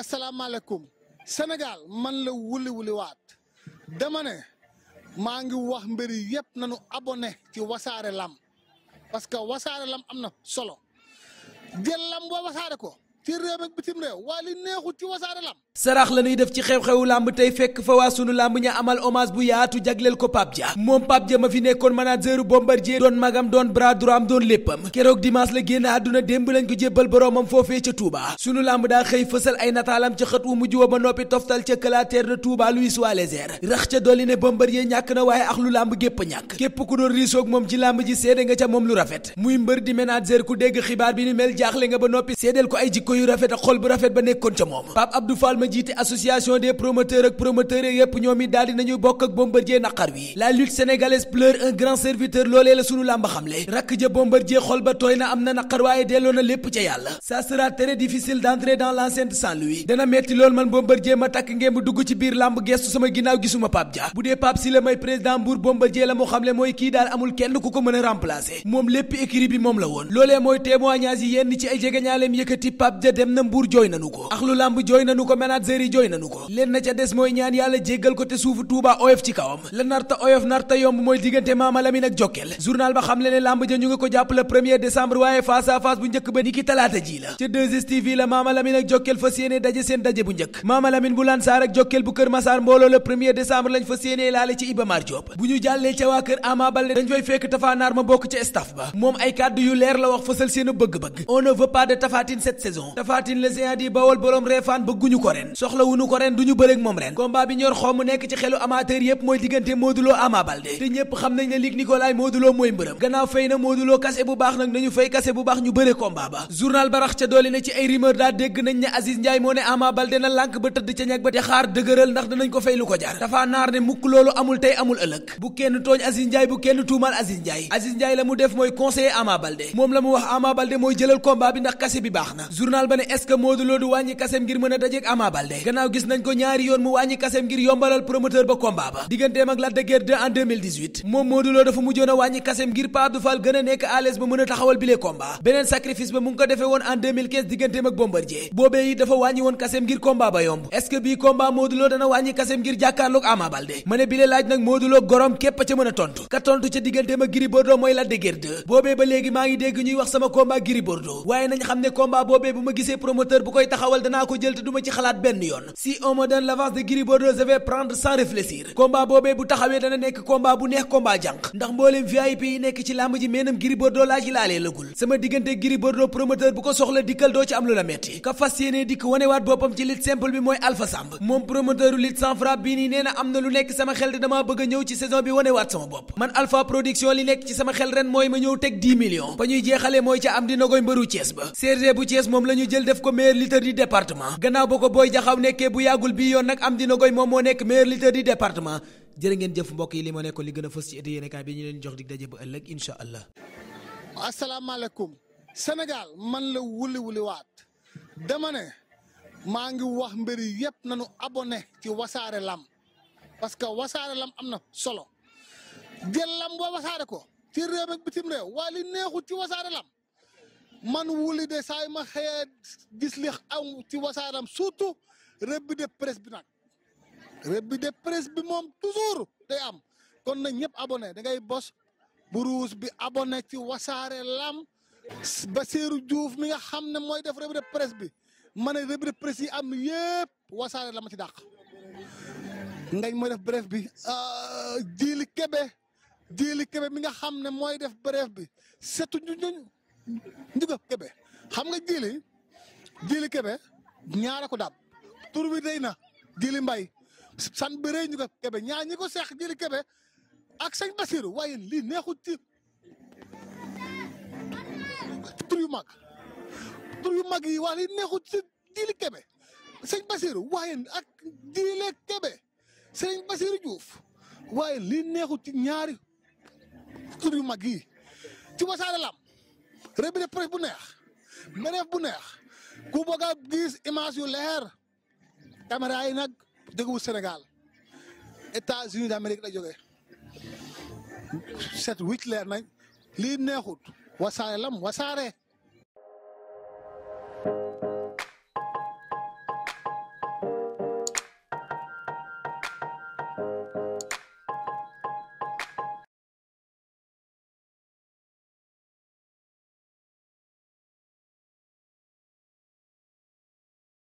asalaamaaleykum Sénégal man la wuli wuli waat dama maa ngi wax mbir yëpp nañu abone ci wasaare lam parce que wasaare lam am na solo jël lam boo wasaare ko. ci réew ak bitim réew waa li neexu ci sarax la ñuy def ci xew-xewu làmb tey fekk fa waa sunu làmb ña amal hommage bu yaatu jagleel ko Pape Dia moom Pape Dia ma fi nekkoon manageru Bombardier doon magam doon bras droit am doon léppam keroog dimanche la génn àdduna démb lañ ko jébbal boroomam foofee ca Touba sunu làmb daa xëy fësal ay nataalam ca xët wu mujj wa ba noppi toftal ca cratère de Touba Luis Waleser rax ca dolli ne Bombardier ñàkk na waaye ak lu làmb gépp ñàkk képp ku doon riisoog moom ci nga ca moom lu rafet muy mbër di manager ba noppi séedeel ko ay jikko yu rafet ak xol bu man Bombardier ma takk ngeen bu dugg ci biir làmb gestu sama ginnaaw gisuma Pape Dia bu dee Pape si la may président Mbour Bombardier la mu xamle mooy kii daal amul kenn ku ko mën a moom lépp écurie bi moom la woon loolee mooy témoignage yi yenn ci ay jegeñaaleem yëkkati Pape ja dem na mbuur jooy nanu ko axlu lamb jooy nanu ko manager jooy nanu ko leen ca des mooy ñaan yàlla jéggal ko te suufu Touba oyof ci kawam la narta oyof narta yomb mooy diggante Mama ak Jokkel journal ba xam ne lamb ja ñu ngi ko jàpp le premier décembre waaye face à bu njëkk ba niki talaata ji la ca 2 la Mama ak Jokkel fas yéene daje seen daje bu njëkk Mama bu Lansar ak Jokkel bu Kër Massar mbooloo la wax fësal tafaatin le géant di bawol boroom reefaan bëgguñu ko ren soxla wuñu ko ren duñu bëreek moom ren combat bi ñor xomm nekk ci xelu amateur yépp mooy diggante Modou Lo Ama Baldé te ñépp xam nañ ne Luc Nicolaï Modou mooy mbërëm gannaaw fay na Modou kase bu baax nag nañu fay kase bu baax ñu bëre combat ba journal barax ca doole ne ci ay rumeur daa dégg nañ ne Aziz Ndiaye moo ne Ama na lànk ba tëdd ca ñag ba te xaar dëgëral ndax danañ ko fay ko jar dafa naar ne mukk loolu kenn tooñ Aziz kenn tuumal Aziz Ndiaye mu def mooy conseiller moom la mu wax Ama Baldé mooy jëlal combat bi ndax kase bi baax na journal moom Modou dafa mujjoon a wàññi kaseem ngir Pape gën a nekk à ba mën a taxawal bile combat beneen sacrifice ba mu ngi ko defee woon en 2015 digganteem ak Bombardier boobee yi dafa wàññi woon kaseem ngir combat ba yomb est bii combat Modou dana wàññi kaseem ngir jàkkaarloog Ama Baldé ma ne laaj nag Modou Lo képp ca mën a tontu ka tontu ca digganteem ak Gris Bordeaux mooy Lac de Guiers ba léegi maa ngi dégg ñuy ma gisee promoteur bu koy taxawal dana ko jël te du ma ci xalaat benn yoon si on me donne l'avance de Gris Bordeaux je vais prendre sans réfléchir combat boobee bu taxawee dana nekk combat bu neex combat jànq ndax mbooleem nekk ci làmb ji meenam Gris Bordeaux laa ci laalee lëgul sama diggante Gris promoteur bu ko soxla dikkal doo ci am lu la metti ka fas yéenee dikk wanewaat boppam ci lutte simple bi mooy Alpha Samb moom promoteuru lutte sans frappe bii nii nee na am na lu nekk sama xel te damaa bëgg ñëw ci saison bi wanewaat sama bopp man Alpha production li nekk ci sama xel ren mooy ma ñëw teg 10 millions fa ñuy mooy ca am di moom la lañu jël def ko meilleur lutteur du département gannaaw ba ko booy jaxaw nekkee bu yàggul bi yoon nag am dina koy moom moo nekk meilleur lutteur du département jërë ngeen jëf mbokk yi li ma nekkoon li gën a fës ci été yéenekaay bi ñu leen jox dig daje ba ëllëg incha allah asalaamaaleykum Sénégal man la wuli wuli waat dama maa ngi wax mbir yëpp nañu abonné ci wasaare lam parce que wasaare lam am na solo jël lam boo wasaare ko ci réew ak bitim réew waa ci wasaare man wuli de saay ma xëyee gis li am ci wasaaram surtout revue de presse bi nag revue de presse bi moom toujours day am kon nañ ñëpp abonné da ngay bos buruus bi abonné ci wasaare lam Bassirou Diouf mi nga xam ne mooy def revue de presse bi ma ne revue de presse yi am yëpp wasaare la ma ci dàq ngañ mooy def bref bi jiili kebe jiili kebe mi nga xam ne mooy def bref bi setu ñu Ndiouga kebe xam nga jili jili Kébé ñaara ko daab tur wi day na jili mbay san bëree Ndiouga Kébé ñaar ñi ko seex jili Kébé ak sëñ Basiru waaye lii neexul ci tur yu mag tur yu mag yi waaye neexul ci jili Kébé sëñ Basiru waaye ak jili Kébé sëñ Basiru Diouf waaye lii neexul ci ñaari tur yu mag yi ci Wassare Lamb revue de presse bu neex mereef bu neex ku bëgg a gis leer caméra yi nag jógewul Sénégal États-Unis d'Amérique la jógee set huit leer li lii neexut wasaare lam wasare